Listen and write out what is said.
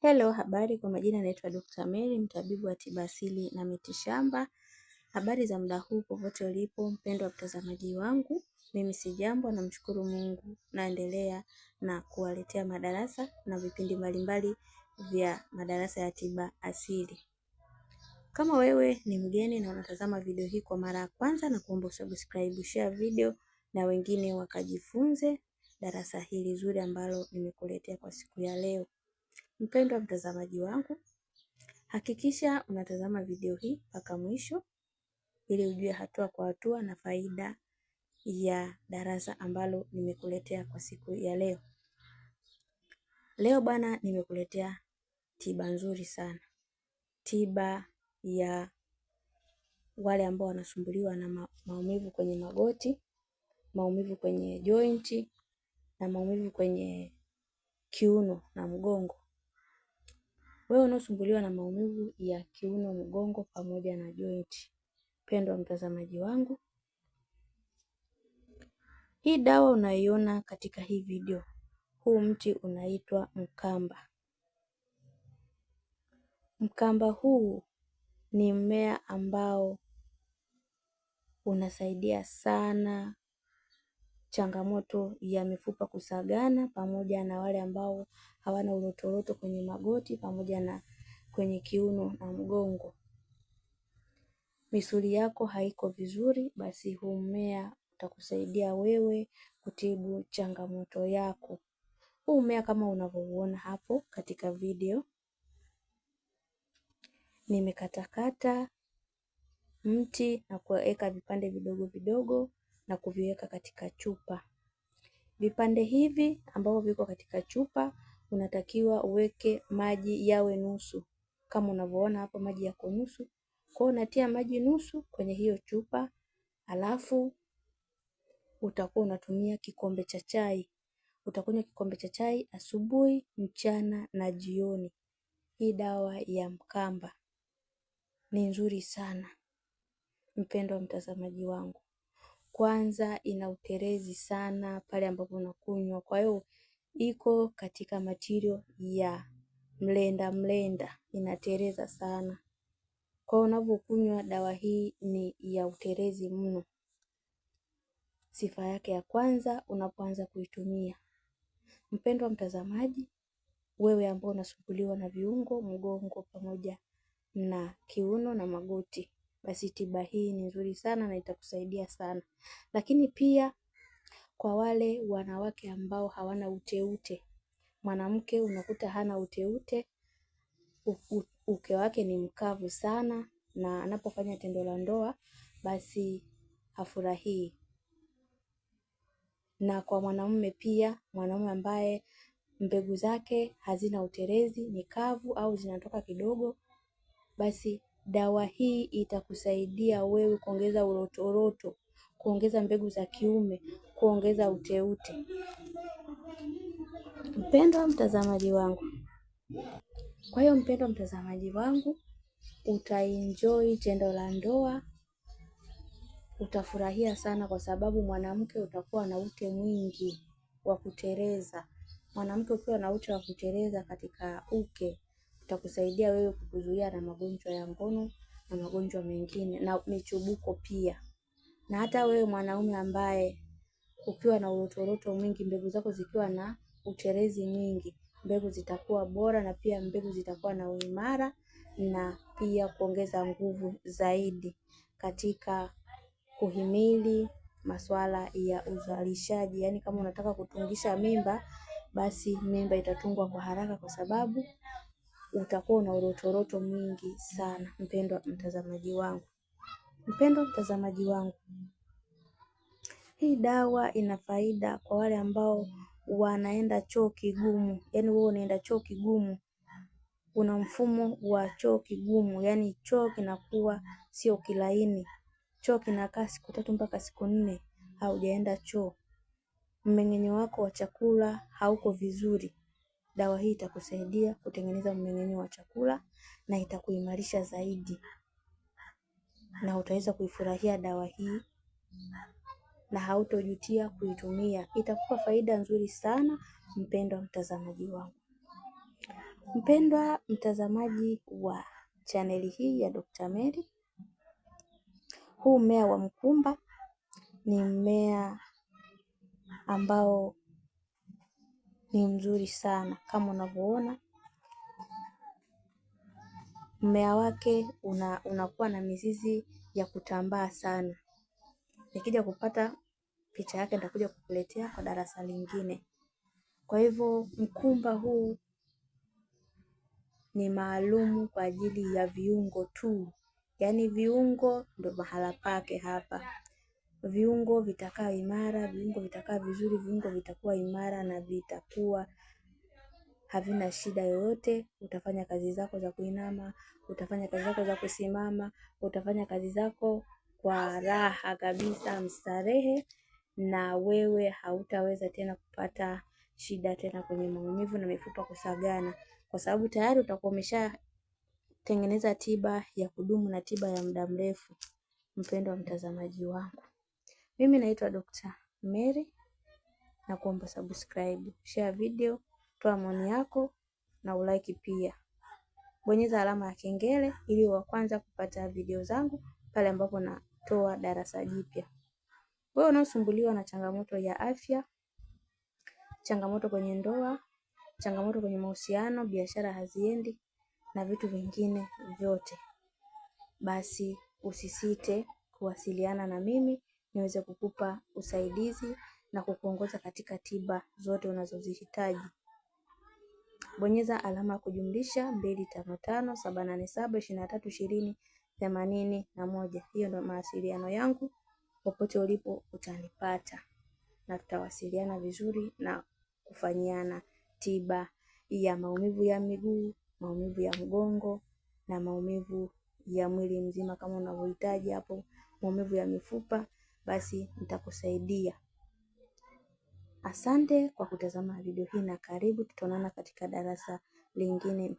Hello, habari. Kwa majina naitwa Dr. Mary, mtabibu wa tiba asili na mitishamba. Habari za muda huu popote ulipo, mpendwa mtazamaji wangu, mimi si jambo, namshukuru Mungu, naendelea na kuwaletea madarasa na vipindi mbalimbali vya madarasa ya tiba asili. Kama wewe ni mgeni na unatazama video hii kwa mara ya kwanza, na kuomba usubscribe, share video na wengine wakajifunze darasa hili zuri ambalo nimekuletea kwa siku ya leo. Mpendwa mtazamaji wangu, hakikisha unatazama video hii mpaka mwisho ili ujue hatua kwa hatua na faida ya darasa ambalo nimekuletea kwa siku ya leo. Leo bwana, nimekuletea tiba nzuri sana, tiba ya wale ambao wanasumbuliwa na maumivu kwenye magoti, maumivu kwenye jointi na maumivu kwenye kiuno na mgongo. Wewe unaosumbuliwa na maumivu ya kiuno, mgongo pamoja na joint, mpendwa mtazamaji wangu, hii dawa unaiona katika hii video. Huu mti unaitwa mkamba. Mkamba huu ni mmea ambao unasaidia sana changamoto ya mifupa kusagana pamoja na wale ambao hawana urotoroto kwenye magoti pamoja na kwenye kiuno na mgongo. Misuli yako haiko vizuri, basi huu mmea utakusaidia wewe kutibu changamoto yako. Huu mmea kama unavyoona hapo katika video, nimekatakata mti na kuweka vipande vidogo vidogo na kuviweka katika chupa. Vipande hivi ambavyo viko katika chupa unatakiwa uweke maji yawe nusu kama unavyoona hapo maji yako nusu. Kwa hiyo unatia maji nusu kwenye hiyo chupa alafu utakuwa unatumia kikombe cha chai. Utakunywa kikombe cha chai asubuhi, mchana na jioni. Hii dawa ya mkamba ni nzuri sana, mpendwa mtazamaji wangu kwanza ina uterezi sana pale ambapo unakunywa, kwa hiyo iko katika matirio ya mlenda mlenda, inatereza sana. Kwa hiyo unavyokunywa dawa hii ni ya uterezi mno. Sifa yake ya kwanza unapoanza kuitumia. Mpendwa mtazamaji, wewe ambao unasumbuliwa na viungo, mgongo pamoja na kiuno na magoti, basi tiba hii ni nzuri sana na itakusaidia sana. Lakini pia kwa wale wanawake ambao hawana uteute, mwanamke unakuta hana uteute, uke wake ni mkavu sana, na anapofanya tendo la ndoa basi hafurahii. Na kwa mwanamume pia, mwanamume ambaye mbegu zake hazina uterezi ni kavu au zinatoka kidogo, basi Dawa hii itakusaidia wewe kuongeza urotoroto, kuongeza mbegu za kiume, kuongeza uteute. Mpendwa mtazamaji wangu, kwa hiyo mpendwa mtazamaji wangu, utaenjoy tendo la ndoa, utafurahia sana, kwa sababu mwanamke utakuwa na ute mwingi wa kuteleza. Mwanamke ukiwa na ute wa kuteleza katika uke itakusaidia wewe kukuzuia na magonjwa ya ngono na magonjwa mengine na michubuko pia. Na hata wewe mwanaume ambaye ukiwa na urotoroto mwingi, mbegu zako zikiwa na uterezi mwingi, mbegu zitakuwa bora na pia mbegu zitakuwa na uimara na pia kuongeza nguvu zaidi katika kuhimili masuala ya uzalishaji. Yaani kama unataka kutungisha mimba, basi mimba itatungwa kwa haraka kwa sababu utakuwa una urotoroto mwingi sana, mpendwa mtazamaji wangu. Mpendwa mtazamaji wangu, hii dawa ina faida kwa wale ambao wanaenda choo kigumu. Yani wewe unaenda choo kigumu, una mfumo wa choo kigumu, yaani choo kinakuwa sio kilaini, choo kinakaa siku tatu mpaka siku nne haujaenda choo, mmeng'enyo wako wa chakula hauko vizuri. Dawa hii itakusaidia kutengeneza mmeng'enyo wa chakula na itakuimarisha zaidi, na utaweza kuifurahia dawa hii na hautojutia kuitumia. Itakupa faida nzuri sana, mpendwa mtazamaji wangu. Mpendwa mtazamaji wa chaneli hii ya Dr. Mary. huu mmea wa mkumba ni mmea ambao ni mzuri sana kama unavyoona mmea wake una, unakuwa na mizizi ya kutambaa sana. Nikija kupata picha yake nitakuja kukuletea kwa darasa lingine. Kwa hivyo mkumba huu ni maalumu kwa ajili ya viungo tu, yaani viungo ndo mahala pake hapa viungo vitakaa imara, viungo vitakaa vizuri, viungo vitakuwa imara na vitakuwa havina shida yoyote. Utafanya kazi zako za kuinama, utafanya kazi zako za kusimama, utafanya kazi zako kwa raha kabisa mstarehe, na wewe hautaweza tena kupata shida tena kwenye maumivu na mifupa kusagana, kwa sababu tayari utakuwa umeshatengeneza tiba ya kudumu na tiba ya muda mrefu. Mpendwa mtazamaji wangu. Mimi naitwa Dr. Mary na kuomba subscribe, share video, toa maoni yako na ulike pia. Bonyeza alama ya kengele ili wa kwanza kupata video zangu pale ambapo natoa darasa jipya. Wewe unaosumbuliwa na changamoto ya afya, changamoto kwenye ndoa, changamoto kwenye mahusiano, biashara haziendi na vitu vingine vyote, basi usisite kuwasiliana na mimi niweze kukupa usaidizi na kukuongoza katika tiba zote unazozihitaji. Bonyeza alama ya kujumlisha moja. Hiyo ndio mawasiliano yangu, popote ulipo utanipata na tutawasiliana vizuri na kufanyiana tiba ya maumivu ya miguu, maumivu ya mgongo na maumivu ya mwili mzima kama unavyohitaji hapo, maumivu ya mifupa basi nitakusaidia. Asante kwa kutazama video hii na karibu tutaonana katika darasa lingine.